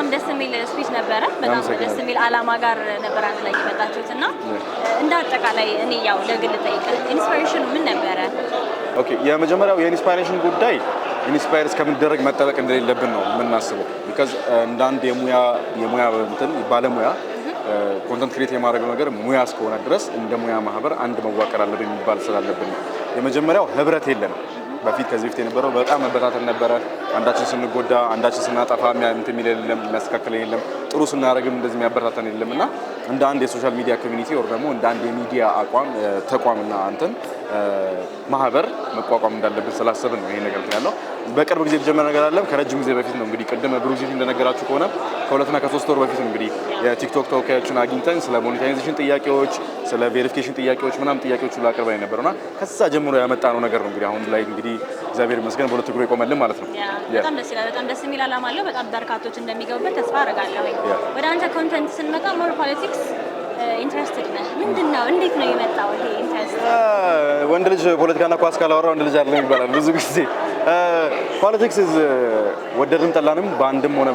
በጣም ደስ የሚል ስፒች ነበረ። በጣም ደስ የሚል አላማ ጋር ነበር አንድ ላይ የመጣችሁት እና እንደ አጠቃላይ እኔ ያው ለግል ጠይቀ ኢንስፓሬሽኑ ምን ነበረ? ኦኬ የመጀመሪያው የኢንስፓይሬሽን ጉዳይ ኢንስፓየር እስከምንደረግ መጠበቅ እንደሌለብን ነው የምናስበው። ቢካዝ uh, እንደ አንድ የሙያ የሙያ እንትን ባለሙያ ኮንተንት ክሬት የማድረገው ነገር ሙያ እስከሆነ ድረስ እንደ ሙያ ማህበር አንድ መዋቀር አለብን የሚባል ስላለብን ነው። የመጀመሪያው ህብረት የለንም በፊት ከዚህ በፊት የነበረው በጣም መበታተን ነበረ። አንዳችን ስንጎዳ፣ አንዳችን ስናጠፋ እንትን የሚል የለም፣ የሚያስተካክል የለም። ጥሩ ስናደርግም እንደዚህ የሚያበረታተን የለም እና እንደ አንድ የሶሻል ሚዲያ ኮሚኒቲ ወር ደግሞ እንደ አንድ የሚዲያ አቋም ተቋምና አንተን ማህበር መቋቋም እንዳለብን ስላሰብን ነው ይሄ ነገር ያለው። በቅርብ ጊዜ የተጀመረ ነገር አለም ከረጅም ጊዜ በፊት ነው እንግዲህ ቅድም ብሩክ እንደነገራችሁ ከሆነ ከሁለትና ከሶስት ወር በፊት እንግዲህ የቲክቶክ ተወካዮችን አግኝተን ስለ ሞኔታይዜሽን ጥያቄዎች፣ ስለ ቬሪፊኬሽን ጥያቄዎች ምናምን ጥያቄዎች ሁሉ አቅርበን የነበረውና ከዛ ጀምሮ ያመጣነው ነገር ነው እንግዲህ አሁን ላይ እንግዲህ እግዚአብሔር ይመስገን በሁለት እግሩ ይቆመልን ማለት ነው። በጣም ደስ ይላል። በጣም ደስ የሚል አላማ አለው። በጣም በርካቶች እንደሚገቡበት ተስፋ አደርጋለሁ። ወደ አንተ ኮንተንት ስንመጣ ሞር ፖለቲክስ ወንድ ልጅ ፖለቲካና ኳስ ካላወራ ወንድ ልጅ አይደለም ይባላል ብዙ ጊዜ። ፖለቲክስ ወደድንም ጠላንም በአንድም ሆነ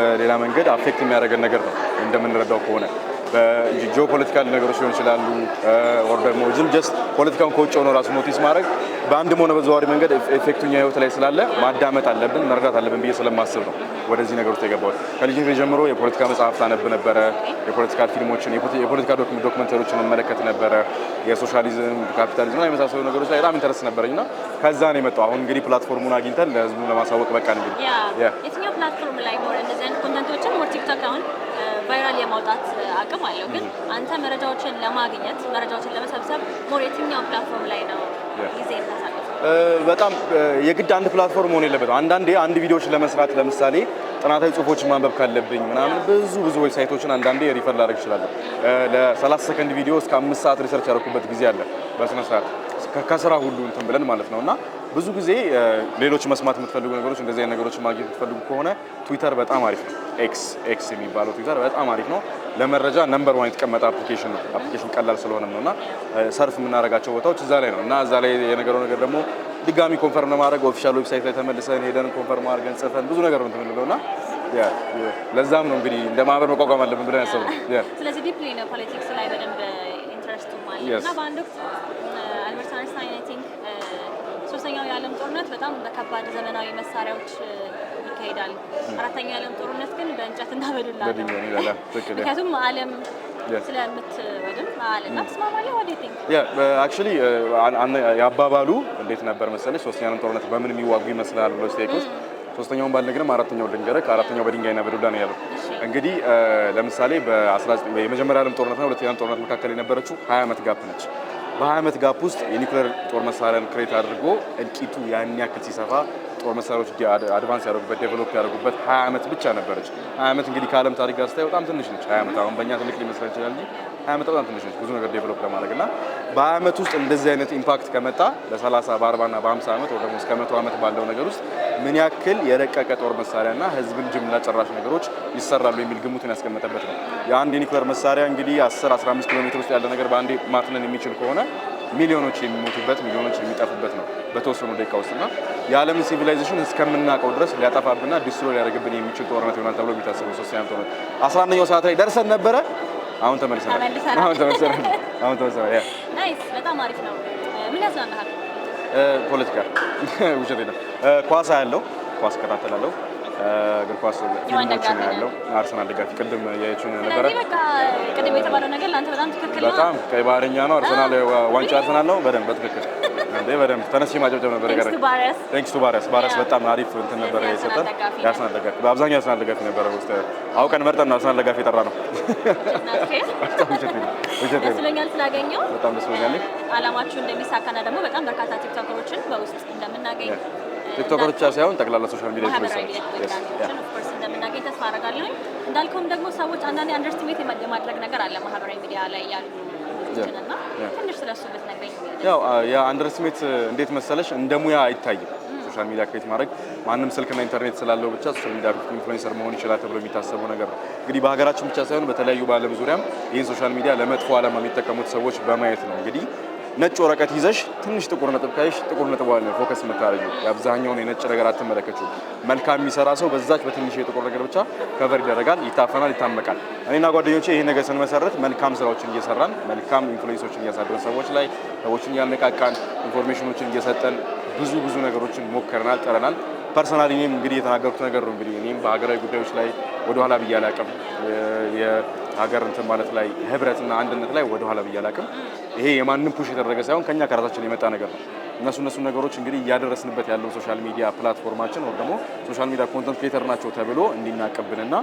በሌላ መንገድ አፌክት የሚያደርገን ነገር ነው እንደምንረዳው ከሆነ በጂኦ ፖለቲካል ነገሮች ሊሆን ይችላሉ ወር ደግሞ ዝም ጀስት ፖለቲካውን ከውጭ ሆኖ ራሱ ኖቲስ ማድረግ በአንድም ሆነ በዘዋሪ መንገድ ኤፌክቱኛ ህይወት ላይ ስላለ ማዳመጥ አለብን መረዳት አለብን ብዬ ስለማስብ ነው ወደዚህ ነገር ውስጥ የገባሁት። ከልጅነት ጀምሮ የፖለቲካ መጽሐፍት አነብ ነበረ። የፖለቲካ ፊልሞችን፣ የፖለቲካ ዶክመንተሪዎችን እመለከት ነበረ። የሶሻሊዝም ካፒታሊዝም እና የመሳሰሉ ነገሮች ላይ በጣም ኢንተረስት ነበረኝ እና ከዛ ነው የመጣው። አሁን እንግዲህ ፕላትፎርሙን አግኝተን ለህዝቡ ለማሳወቅ በቃ እንግዲህ የትኛው ፕላትፎርም ላይ ሆነ እንደዚህ አይነት ኮንተንቶችን ሞር ቲክቶክ አሁን ቫይራል የማውጣት አቅም አለው። ግን አንተ መረጃዎችን ለማግኘት መረጃዎችን ለመሰብሰብ ሞር የትኛው ፕላትፎርም ላይ ነው ጊዜ ታሳልፍ? በጣም የግድ አንድ ፕላትፎርም መሆን የለበትም። አንዳንዴ አንድ ቪዲዮዎች ለመስራት ለምሳሌ ጥናታዊ ጽሁፎችን ማንበብ ካለብኝ ምናምን ብዙ ብዙ ዌብሳይቶችን አንዳንዴ ሪፈር ላደርግ እችላለሁ። ለ30 ሰከንድ ቪዲዮ እስከ አምስት ሰዓት ሪሰርች ያደረኩበት ጊዜ አለ በስነስርዓት ከስራ ሁሉ እንትን ብለን ማለት ነው እና ብዙ ጊዜ ሌሎች መስማት የምትፈልጉ ነገሮች እንደዚህ አይነት ነገሮች ማግኘት የምትፈልጉ ከሆነ ትዊተር በጣም አሪፍ ነው። ኤክስ ኤክስ የሚባለው ትዊተር በጣም አሪፍ ነው። ለመረጃ ነምበር ዋን የተቀመጠ አፕሊኬሽን ነው። አፕሊኬሽን ቀላል ስለሆነም ነው እና ሰርፍ የምናደርጋቸው ቦታዎች እዛ ላይ ነው እና እዛ ላይ የነገረው ነገር ደግሞ ድጋሚ ኮንፈርም ለማድረግ ኦፊሻል ዌብሳይት ላይ ተመልሰን ሄደን ኮንፈርም አድርገን ጽፈን ብዙ ነገር ነው የምንለው እና ለዛም ነው እንግዲህ እንደ ማህበር መቋቋም አለብን ብለን ያሰብነው። ስለዚህ ዲፕሊ ነው ፖለቲክስ ላይ በደንብ ኢንትረስቱ ማለት እና በአንድ ወቅት የዓለም ጦርነት በጣም በከባድ ዘመናዊ መሳሪያዎች ይካሄዳል። አራተኛ የዓለም ጦርነት ግን በእንጨት እና በዱላ ምክንያቱም ዓለም አክቹዋሊ የአባባሉ እንዴት ነበር መሰለሽ? ሶስተኛ ጦርነት በምን የሚዋጉ ይመስላል ብሎ ስቴክ ውስጥ ሶስተኛውን ባልነግርም አራተኛው ልንገርህ። ከአራተኛው በድንጋይና በዱላ ነው ያለው። እንግዲህ ለምሳሌ የመጀመሪያ ዓለም ጦርነትና ሁለተኛ ጦርነት መካከል የነበረችው ሀያ ዓመት ጋፕ ነች። በሀያ ዓመት ጋፕ ውስጥ የኒውክሌር ጦር መሳሪያን ክሬት አድርጎ እልቂቱ ያን ያክል ሲሰፋ ጦር መሳሪያዎች አድቫንስ ያደረጉበት ዴቨሎፕ ያደረጉበት ሀያ ዓመት ብቻ ነበረች። ሀያ ዓመት እንግዲህ ከዓለም ታሪክ ጋር ስታይ በጣም ትንሽ ነች። ሀያ ዓመት አሁን በእኛ ትልቅ ሊመስለን ይችላል እንጂ ሀያ ዓመት በጣም ትንሽ ነች፣ ብዙ ነገር ዴቨሎፕ ለማድረግ እና በሀያ ዓመት ውስጥ እንደዚህ አይነት ኢምፓክት ከመጣ በ በአርባና በሀምሳ ዓመት ወይ ደግሞ እስከ መቶ ዓመት ባለው ነገር ውስጥ ምን ያክል የረቀቀ ጦር መሳሪያና ህዝብን ጅምላ ጨራሽ ነገሮች ይሰራሉ የሚል ግምቱን ያስቀመጠበት ነው። የአንድ የኒኩለር መሳሪያ እንግዲህ 10 15 ኪሎ ሜትር ውስጥ ያለ ነገር በአንዴ ማትነን የሚችል ከሆነ ሚሊዮኖች የሚሞቱበት ሚሊዮኖች የሚጠፉበት ነው በተወሰኑ ደቂቃ ውስጥና የዓለምን ሲቪላይዜሽን እስከምናውቀው ድረስ ሊያጠፋብና ዲስትሮ ሊያደርግብን የሚችል ጦርነት ይሆናል ተብሎ የሚታሰበው ሶስተኛ ጦርነት አስራ አንደኛው ሰዓት ላይ ደርሰን ነበረ። አሁን ተመልሰናል። አሁን ተመልሰናል። አሁን ተመልሰናል። ያ ናይስ። በጣም አሪፍ ነው። ምን ያዝናናል? ፖለቲካ ውሸት የለም። ኳስ አያለው፣ ኳስ እከታተላለሁ። እግር ኳስ ፊልሞች ነው ያለው። አርሰናል ደጋፊ ቅድም እያየችው ነበረ። ቅድም የተባለው ነገር ለአንተ በጣም ትክክል ነው። በጣም ቀይ ባህርኛ ነው። አርሰናል ዋንጫ አርሰናል ነው። በደንብ በትክክል እንዴ፣ በደንብ ተነስ። ማጨብጨብ ነበር። ቴንክስ ቱ ባሪያስ። ባሪያስ በጣም አሪፍ እንትን ነበረ የሰጠን። የአርሰናል ደጋፊ በአብዛኛው የአርሰናል ደጋፊ ነበረ ውስጥ አውቀን መርጠን ነው አርሰናል ደጋፊ የጠራ ነው። ደስ ብሎኛል ስላገኘው። በጣም ደስ ብሎኛል። አላማችሁ እንደሚሳካና ደግሞ በጣም በርካታ ቲክቶከሮችን በውስጥ እንደምናገኝ ቲክቶከር ብቻ ሳይሆን ጠቅላላ ሶሻል ሚዲያ ኢንፍሉዌንሰሮች እንደምናገኝ ተስፋ አደርጋለሁ። እንዳልከውም ደግሞ ሰዎች አንዳንዴ አንደርስቲሜት የማድረግ ነገር አለ ማህበራዊ ሚዲያ ላይ ያሉ ያው የአንደርስቲሜት እንዴት መሰለሽ እንደ ሙያ አይታይም። ሶሻል ሚዲያ ክሬት ማድረግ ማንም ስልክና ኢንተርኔት ስላለው ብቻ ሶሻል ሚዲያ ኢንፍሉዌንሰር መሆን ይችላል ተብሎ የሚታሰበው ነገር ነው። እንግዲህ በሀገራችን ብቻ ሳይሆን በተለያዩ በዓለም ዙሪያም ይህን ሶሻል ሚዲያ ለመጥፎ ዓላማ የሚጠቀሙት ሰዎች በማየት ነው እንግዲህ ነጭ ወረቀት ይዘሽ ትንሽ ጥቁር ነጥብ ካይሽ ጥቁር ነጥብ ዋለ ፎከስ የምታደርጊው የአብዛኛውን የነጭ ነገር አትመለከችው። መልካም የሚሰራ ሰው በዛች በትንሽ የጥቁር ነገር ብቻ ከቨር ይደረጋል፣ ይታፈናል፣ ይታመቃል። እኔና ጓደኞቼ ይሄ ነገር ስንመሰረት መልካም ስራዎችን እየሰራን መልካም ኢንፍሉዌንሶችን እያሳደረን ሰዎች ላይ ሰዎችን እያነቃቃን ኢንፎርሜሽኖችን እየሰጠን ብዙ ብዙ ነገሮችን ሞከረናል፣ ጥረናል። ፐርሰናል እኔም እንግዲህ የተናገርኩት ነገር ነው። እንግዲህ እኔም በሀገራዊ ጉዳዮች ላይ ወደኋላ ብዬ አላቅም። ሀገር እንትን ማለት ላይ ህብረትና አንድነት ላይ ወደኋላ ብዬ አላቅም። ይሄ የማንም ፑሽ የተደረገ ሳይሆን ከኛ ከራሳችን የመጣ ነገር ነው። እነሱ እነሱ ነገሮች እንግዲህ እያደረስንበት ያለው ሶሻል ሚዲያ ፕላትፎርማችን ወይም ደግሞ ሶሻል ሚዲያ ኮንተንት ክሬተር ናቸው ተብሎ እንዲናቅብንና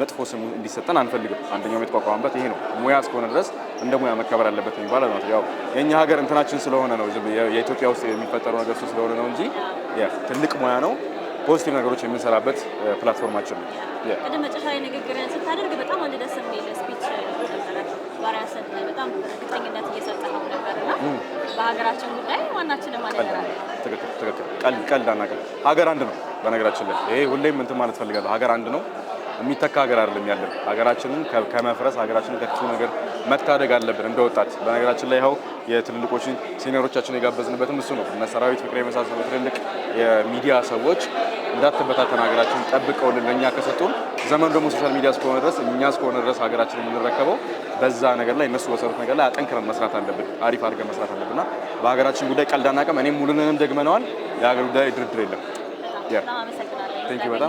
መጥፎ ስም እንዲሰጠን አንፈልግም። አንደኛው የተቋቋመበት ይሄ ነው። ሙያ እስከሆነ ድረስ እንደ ሙያ መከበር አለበት የሚባለው ነው። ያው የእኛ ሀገር እንትናችን ስለሆነ ነው፣ የኢትዮጵያ ውስጥ የሚፈጠረው ነገር ስለሆነ ነው እንጂ ትልቅ ሙያ ነው። ፖዚቲቭ ነገሮች የምንሰራበት ፕላትፎርማችን ነው። ቅድም መጨረሻ ላይ ንግግርን ስታደርግ በጣም አንድ ደስ የሚል ስፒች በጣም እርግጠኝነት እየሰጠ ነው በሀገራችን ጉዳይ ቀልድ አናውቅም። ሀገር አንድ ነው። በነገራችን ላይ ይሄ ሁሌም እንትን ማለት ፈልጋለሁ። ሀገር አንድ ነው የሚተካ ሀገር አይደለም ያለን። ሀገራችንን ከመፍረስ ሀገራችንን ከክፉ ነገር መታደግ አለብን እንደ ወጣት። በነገራችን ላይ ይኸው የትልልቆችን ሲኒሮቻችን የጋበዝንበትም እሱ ነው። እነ ሰራዊት ፍቅሬ የመሳሰሉ ትልልቅ የሚዲያ ሰዎች እንዳትበታተን ሀገራችን ጠብቀውልን ለእኛ ከሰጡን፣ ዘመኑ ደግሞ ሶሻል ሚዲያ እስከሆነ ድረስ እኛ እስከሆነ ድረስ ሀገራችን የምንረከበው በዛ ነገር ላይ እነሱ በሰሩት ነገር ላይ አጠንክረን መስራት አለብን። አሪፍ አድርገን መስራት አለብንና በሀገራችን ጉዳይ ቀልድ አናውቅም። እኔም ሙሉንንም ደግመነዋል። የሀገር ጉዳይ ድርድር የለም። በጣም